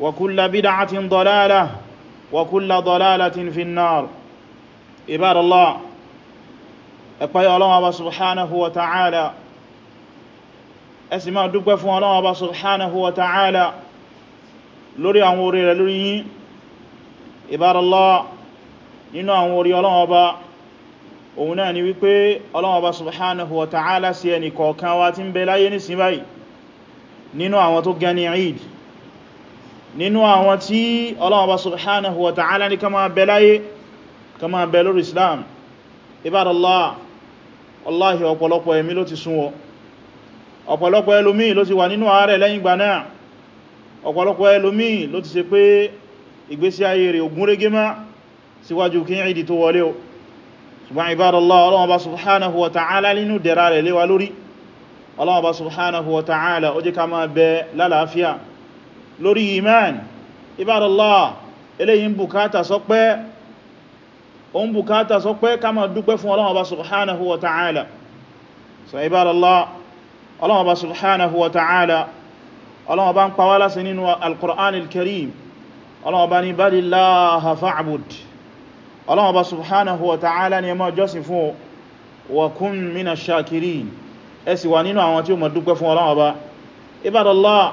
وكل بدعة ضلالة وكل ضلالة في النار عباد الله ẹ̀pẹ́ ọlọ́wọ́ bá subhanahu wa ta'ala ẹsì máa dúpẹ́ fún ọlọ́wọ́ bá subhanahu wa ta'ala lórí àwọn orí rẹ̀ lórí yín ìbáralá nínú àwọn orí ọlọ́wọ́ bá òun náà ni wípé ọlọ́wọ́ bá subhanahu wa ta'ala sí ẹni kọ̀ọ̀kan wá tí ń bẹ láyé nísìn báyìí nínú àwọn tó gani eid nínú àwọn tí Ọlọ́run Ọba subhanahu wa ta'ala ní kama bẹ láyé kama bẹ lórí Islam ibadallah Allahi ọ̀pọ̀lọpọ̀ ẹ̀mí ló ti súnwọ́ ọ̀pọ̀lọpọ̀ ẹlòmí ló ti wà nínú àárẹ̀ lẹ́yìn ìgbà náà ọ̀pọ̀lọpọ̀ ẹlòmí ló ti ṣe pé ìgbésí ayé rẹ̀ ògúnrégé má síwájú kí ìdí tó wọlé o ṣùgbọ́n ibadallah Ọlọ́run Ọba subhanahu lórí iman ibadallah eléyìí ń bùkátà sọpẹ́ o ń bùkátà sọpẹ́ ká máa dúpẹ́ fún Ọlọ́run Ọba subhanahu wa ta'ala so ibadallah Ọlọ́run Ọba subhanahu wa ta'ala Ọlọ́run Ọba ń pa wá láṣẹ nínú al-Qur'an al-Karim Ọlọ́run Ọba ní balillaha fa'bud Ọlọ́run wa ta'ala ni ẹ máa ibadallah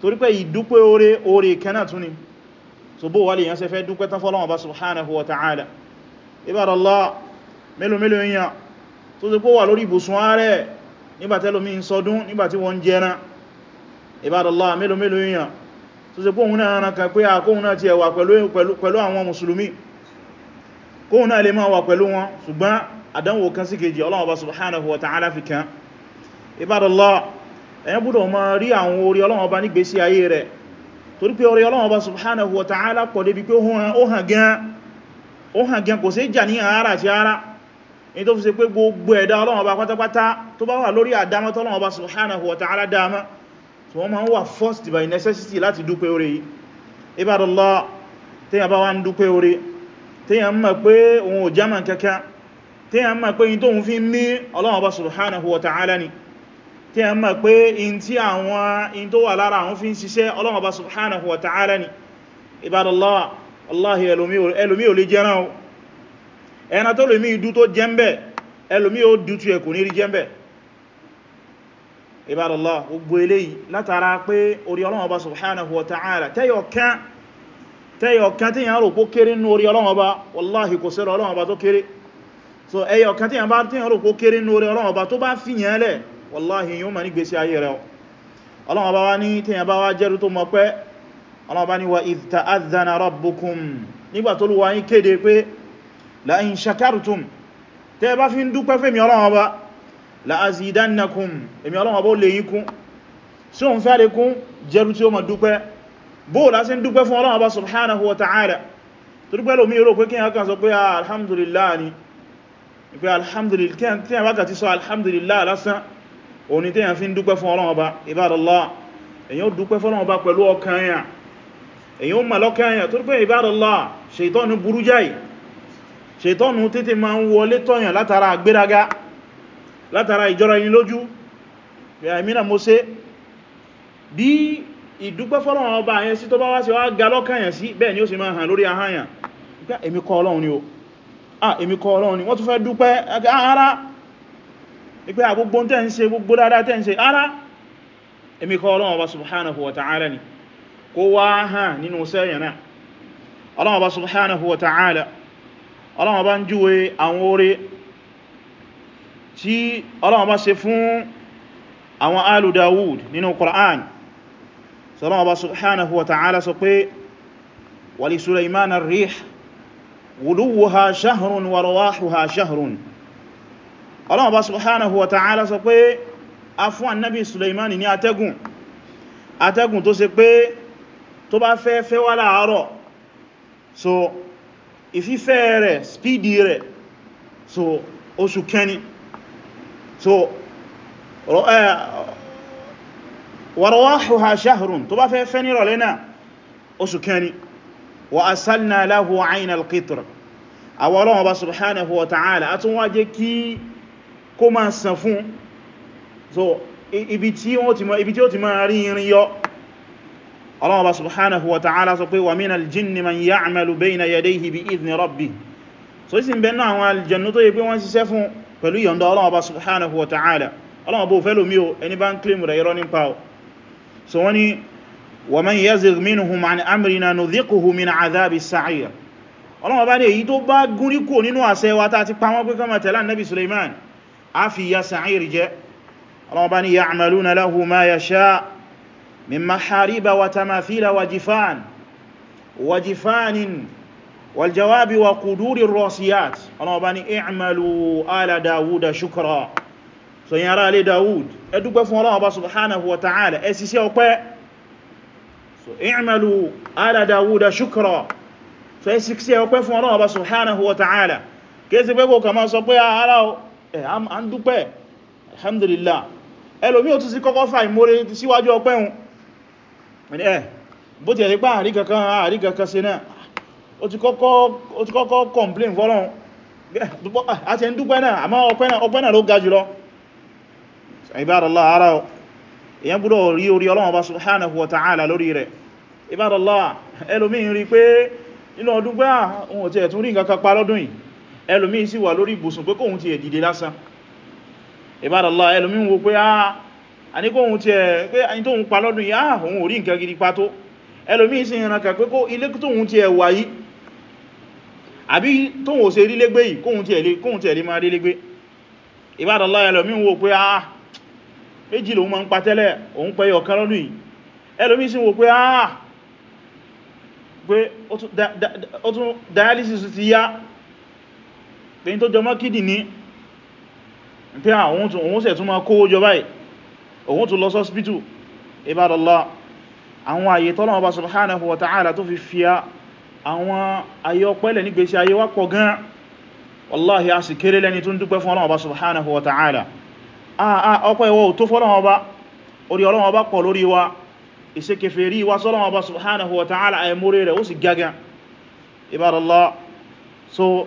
torí pé ìdúpẹ́ oore oore kanáà tún ni so bó wà lè yán ṣe fẹ́ dúpẹ́ tán fọ́lọ́wọ́ bá subhanahu wa ta'ala ibadallah mélòó mélòó yíyàn tó ti pọ́ wà lórí ibùsùn ààrẹ nígbàtẹ́lómi ń sọdún nígbàtí wọ́n ń jẹran ibadallah mélòó mélòó yíyàn tó ti pọ́ òun náà rankan pé àkóhun náà ti ẹ̀wà pẹ̀lú àwọn mùsùlùmí kóhun ẹ̀yàn gbọ́dọ̀ ma rí àwọn orí Ọlọ́run Ọba nígbésí ayé rẹ̀ torí pé orí Ọlọ́run Ọba subhanahu wa ta'ala pọ̀ débi pé ó hàn gan kò sí jà ní ara àti ara ní tó fi ṣe pé gbogbo ẹ̀dá Ọlọ́run Ọba pátápátá tó bá wà lórí àdámọ́tọ́ Ọlọ́run Ọba subhanahu wa ta'ala dáma so wọ́n ma ń wà forced by necessity láti dúpẹ́ orí ni tí a mọ̀ pé in tí àwọn in tó wà lára àwọn fi ń ṣiṣẹ́ Ọlọ́run Ọba subhanahu wa ta'ala ni ibadallah Allahi ẹlòmí ò lè jẹ́rán o ẹna tó lòmí idú tó jẹ́mbẹ̀ ẹlòmí ò dútù ẹkù ní rí jẹ́mbẹ̀ ibadallah gbogbo eléyìí látara pé orí Ọlọ́run Ọba subhanahu wa ta'ala tẹ́yọ̀kan wallahi yíò ma ní gbèsè ayé rẹ̀ ọlọ́wọ́ bá wá ní tẹ́yàn bá wá jẹ́rú tó mọ̀ pé ọlọ́wọ́ bá ní wa idh ta'adhana rabbukum nígbà tó lùwà yín kéde pé la in shakartum tẹ́ bá fi ń dúpẹ́ fẹ́mi ọlọ́wọ́ bá la azidannakum èmi ọlọ́wọ́ bá ó lè yín kún sí òun fẹ́ lékún jẹ́rú tí òun ni téèyàn fi ń dúpẹ́ fún Ọlọ́run Ọba Ibadallah èyàn ó dúpẹ́ fọ́lọ́run Ọba pẹ̀lú ọkàn èyàn èyàn ó mà lọ́kàn èyàn tó pé Ibadallah ṣètọ́nù burú jáì ṣètọ́nù tètè máa ń wọlé tọ́yàn látara àgbéraga látara ìjọra ẹni lójú ẹ̀mìnà mo sé bí ìdúpẹ́ fọ́lọ́run Ọba yẹn sí tó bá wá sí wá ga lọ́kàn yẹn sí bẹ́ẹ̀ ni ó sì máa hàn ah èmi kọ́ Ọlọ́run ni wọ́n tún fẹ́ dúpẹ́ ah, ara ipé àgbogbo tẹ́ ń ṣe gbogbo dáadáa tẹ́ ń ṣe ara èmi kọ́ Ọlọ́run Ọba subhanahu wa ta'ala ni kó wá hàn nínú sẹ́yìn náà Ọlọ́run Ọba subhanahu wa ta'ala Ọlọ́run Ọba ń júwe àwọn oore tí Ọlọ́run Ọba ṣe fún àwọn alu Dawud nínú Qur'an Ọlọ́run Ọba subhanahu wa ta'ala sọ pé Ọlọ́run bá subhanahu wa ta'ala sọ pé a fún annabi Sulaimani ní atẹ́gùn atẹ́gùn tó ṣe pé tó bá fẹ́ fẹ́ wá láàárọ̀ so ìfífẹ́ rẹ̀ spídì rẹ̀ so oṣù kẹni so wàrọ̀wáhùhà ṣáhùrùn tó bá fẹ́ fẹ́ ní rọ̀lẹ́ náà oṣù kẹni wa asalna lahu 'ayna al-qitr àwọn subhanahu wa ta'ala a tún wá jẹ́ kí kó máa san fún so ibi tí ó ti máa rí irin yọ Allah wa subhanahu wa ta'ala sọ pé wa minal jinni man ya'malu bayna yadayhi bi idhni rabbi so isi n bẹ̀nà àwọn aljannu tó yí pé wọ́n ṣiṣẹ́ fún pẹ̀lú yọ̀ndọ̀ Allah wa subhanahu wa ta'ala so wọ́n ni wa man yazigh minhum an amrina nudhiquhu min adhabi sa'ir Allah bá ní èyí tó bá gúnrí kò nínú àṣẹ a fi ya sa'ir jẹ́ ọlọ́ọ̀bá ni ya'maluna lahu ma yasha' min mahariba wa tamathila wa jifan wa jifanin wal jawabi wa quduri ar-rasiyat ọlọ́ọ̀bá ni i'malu ala dawuda shukra so yin ara ale dawud ẹ dúpẹ́ fún subhanahu wa ta'ala ẹ sì ṣe ọpẹ́ so i'malu ala dawuda shukra so ẹ sì ṣe ọpẹ́ fún ọlọ́ọ̀bá subhanahu wa ta'ala kéèsì pé kò kàmá sọ pé ah, ara o à ń dúpẹ́ alhamdulillah ẹlòmí o tún sí kọ́kọ́ fà ìmóre síwájú ọpẹ́ hun ẹ̀ bó ti ẹ̀ pá àrí kankan àrí kankan ṣe náà ó ti kọ́kọ́ complain fọ́lọ́run àti ẹ̀ ń dúpẹ́ náà àmọ́ ọpẹ́ náà ló ga jùlọ ibadallah ara ọ èyàn gbúdọ̀ rí orí Ọlọ́run bá subhanahu wa ta'ala lórí rẹ̀ ibadallah ẹlòmí rí pé inú ọdún gbá ohun ti ẹ̀ tún rí nǹkan kan pa ẹlòmí sì wà lórí ibùsùn pé kóhun ti ẹ̀ dìde lásán ìbádàlá ẹlòmí wo pé ah, a ní kóhun ti ẹ̀ pé a ní tóhun pa lọ́dún yìí a ah, òun orí nǹkan gidi pa tó ẹlòmí sì ìrànkà pé kó ilé tóhun ti ẹ̀ wà yìí àbí tóhun ò ṣe rí légbé yìí kóhun ti ẹ̀ lè máa rí légbé ìbádàlá ẹlòmí wo pé a ah, méjì lòun máa ń pa tẹ́lẹ̀ òun pẹ́ ọ̀kan lọ́dún yìí ẹlòmí sì wo pé a pé ó tún dialysis ti yá pé tó jọmọ́ kìdì ní pé àwọn òun sẹ̀ tún ma kówó jọ báyìí òun tún lọ sọ́spítù ibadallah àwọn àyè tọ́lọ̀ ọba subhanahu wa ta'ala tó fi fi àwọn ayé ọpẹ́lẹ̀ ní gbèsè ayé wá pọ̀ gan wallahi a sì kéré lẹ́ni tún dúpẹ́ fún Ọlọ́run ọba subhanahu wa ta'ala àà ọpẹ́ ìwọ̀ tó fọ́lọ́run ọba ibadallah so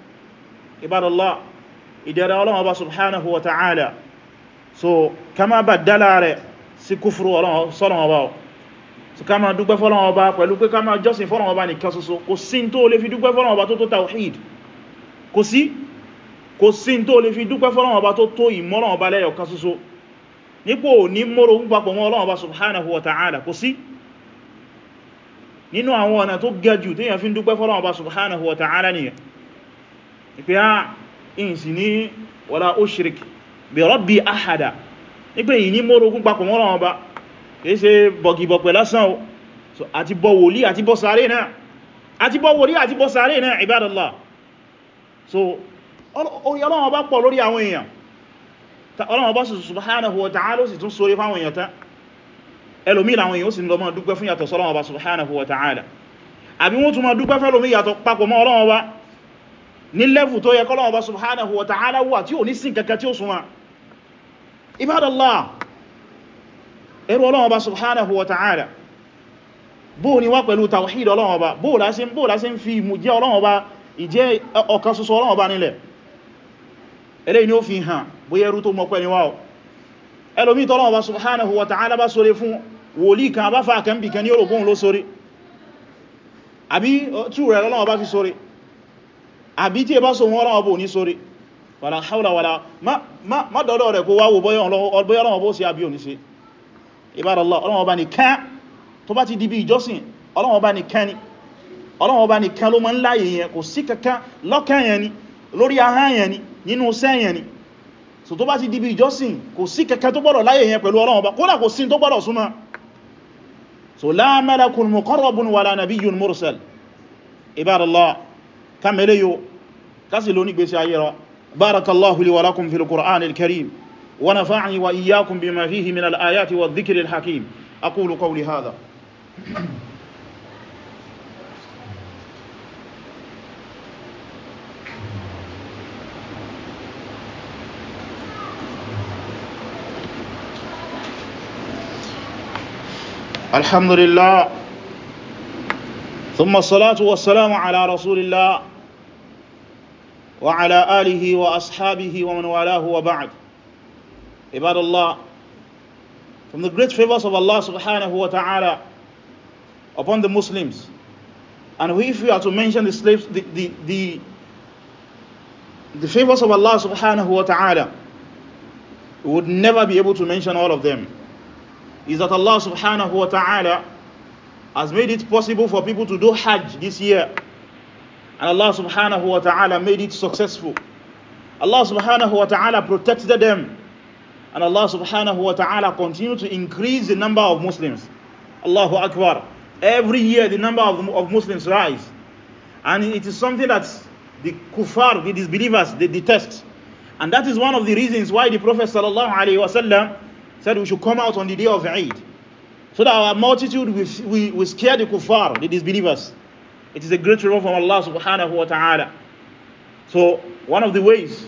ibadallah ìdẹ̀ra ọlọ́wọ́ bá subhanahu wa ta'ala so kama badala rẹ̀ sí kúfúrú sọ́lọ́wọ́ bá so kama dúpẹ́ fọ́lọ́wọ́ bá pẹ̀lú pé kama jọ́sìn fọ́lọ́wọ́ bá nìkan ṣoṣo kò sí tó lè fi dúpẹ́ fọ́lọ́wọ́ bá tó tó tawhid kò sí kò sí tó lè fi dúpẹ́ fọ́lọ́wọ́ bá tó tó ìmọ́lọ́wọ́ bá lẹ́yọ̀ kan ṣoṣo nípò ní mọ́rọ̀ ń papọ̀ mọ́ ọlọ́wọ́ bá subhanahu wa ta'ala kò sí nínú àwọn ọ̀nà tó gajù tí yẹn fi ń dúpẹ́ fọ́lọ́wọ́ subhanahu wa ta'ala nìyẹn ìpé a ah, in sì ní wala ushrik bi rabbi ahada nípé yìí ní mọ́rọ̀ ogun papọ̀ mọ́rọ̀ ọba kìí ṣe bọ̀gìbọ̀pẹ̀ lásán so àti bọ́ wòlí àti bọ́ sàárè náà àti bọ́ wòlí àti bọ́ sàárè náà ibadallah so ọlọ́run ọba pọ̀ lórí àwọn èèyàn ọlọ́run ọba subhanahu wa ta'ala sì tún sórí fáwọn èèyàn tán ẹlòmí làwọn èèyàn sì lọ mọ́ dúpẹ́ fún yàtọ̀ sọ́lọ́run ọba subhanahu wa ta'ala àbí wọ́n tún mọ́ dúpẹ́ fẹ́lòmí yàtọ̀ papọ̀ mọ́ ọlọ́run ọba ní lẹ́fù tó yẹ kọ́lọ̀ ọba subhanahu wa ta'ala wà tí ò ní sin kankan tí ó súnmọ́ ibadallah ẹrù ọlọ́wọ́ ọba subhanahu wa ta'ala bóò ni wá pẹ̀lú tawhid ọlọ́wọ́ ọba bóò lásí ń fi mú jẹ́ ọlọ́wọ́ ọba ìjẹ́ ọ̀kan ṣoṣo ọlọ́wọ́ ọba nílẹ̀ eléyìí ni ó fi hàn bóyá ẹrú tó mọ́pẹ́ ni wá àbí tí ẹ bá so wọn ọlọ́wọ́ bó ní sórí wàlá haúlà wàlá má dọ́dọ̀ rẹ̀ kó wáwò bọ́yọ̀ ọlọ́wọ́ bó sí àbí òní sí ìbáraláà ọlọ́wọ́ bá ní kán tó bá ti di bí ìjọsìn ọlọ́wọ́ bá ní kán ni ọlọ́wọ́ bá ní kán ló máa ń láyé yẹn kò sí kankan lọ́kàn yẹn ni lórí ahán yẹn ni nínú sẹ́ yẹn ni so tó bá ti di bí ìjọsìn kò sí kàmẹ́lẹ́ yóò kásì lóní aye ayéra barakallahu li wa lakum fil qur'an al-karim wa nafa'ani wa iyyakum bima fihi min al-ayati wa dhikr al-hakim aqulu qawli hadha الحمد لله ثم الصلاة والسلام على رسول الله وعلى آله وأصحابه ومن والاه وبعد عباد Allah from the great favors of Allah subhanahu wa ta'ala upon the Muslims and if we are to mention the slaves the, the, the, the favors of Allah subhanahu wa ta'ala we would never be able to mention all of them is that Allah subhanahu wa ta'ala has made it possible for people to do hajj this year and Allah subhanahu wa ta'ala made it successful. Allah subhanahu wa ta'ala protected them. And Allah subhanahu wa ta'ala continued to increase the number of Muslims. Allahu Akbar. Every year the number of, of Muslims rise. And it is something that the kuffar, the disbelievers, they detest. And that is one of the reasons why the Prophet sallallahu alaihi wasallam said we should come out on the day of Eid. So that our multitude will, will, will scare the kuffar, the disbelievers. It is a great reward from Allah subhanahu wa ta'ala. So, one of the ways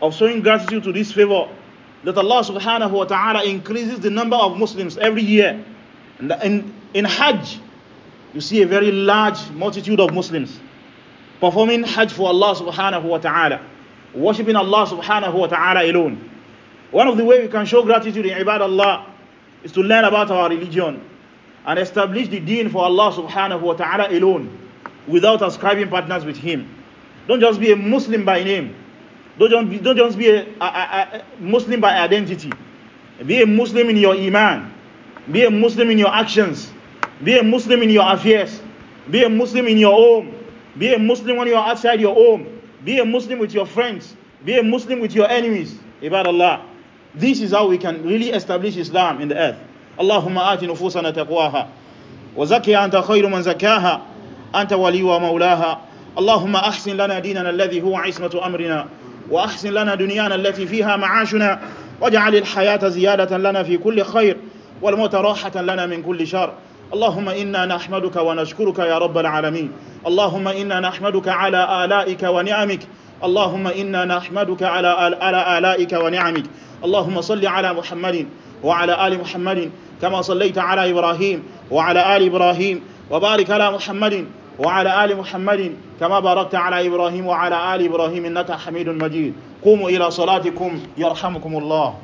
of showing gratitude to this favor that Allah subhanahu wa ta'ala increases the number of Muslims every year. And in, in Hajj, you see a very large multitude of Muslims performing Hajj for Allah subhanahu wa ta'ala, worshipping Allah subhanahu wa ta'ala alone. One of the ways we can show gratitude in Ibad Allah is to learn about our religion and establish the deen for Allah subhanahu wa ta'ala alone without ascribing partners with him. Don't just be a Muslim by name. Don't just be, don't just be a, a, a, a Muslim by identity. Be a Muslim in your iman. Be a Muslim in your actions. Be a Muslim in your affairs. Be a Muslim in your home. Be a Muslim when you are outside your home. Be a Muslim with your friends. Be a Muslim with your enemies. Ibad Allah. This is how we can really establish Islam in the earth. Allahumma ati nufusana taqwaha. وزكي أنت خير من زكاها أنت ولي ومولاها اللهم أحسن لنا ديننا الذي هو عصمة أمرنا وأحسن لنا دنيانا التي فيها معاشنا واجعل الحياة زيادة لنا في كل خير والموت راحة لنا من كل شر اللهم إنا نحمدك ونشكرك يا رب العالمين اللهم إنا نحمدك على آلائك ونعمك اللهم إنا نحمدك على على آلائك ونعمك اللهم صل على محمد وعلى آل محمد كما صليت على إبراهيم وعلى آل إبراهيم وبارك على محمد وعلى آل محمد كما باركت على إبراهيم وعلى آل إبراهيم إنك حميد مجيد قوموا إلى صلاتكم يرحمكم الله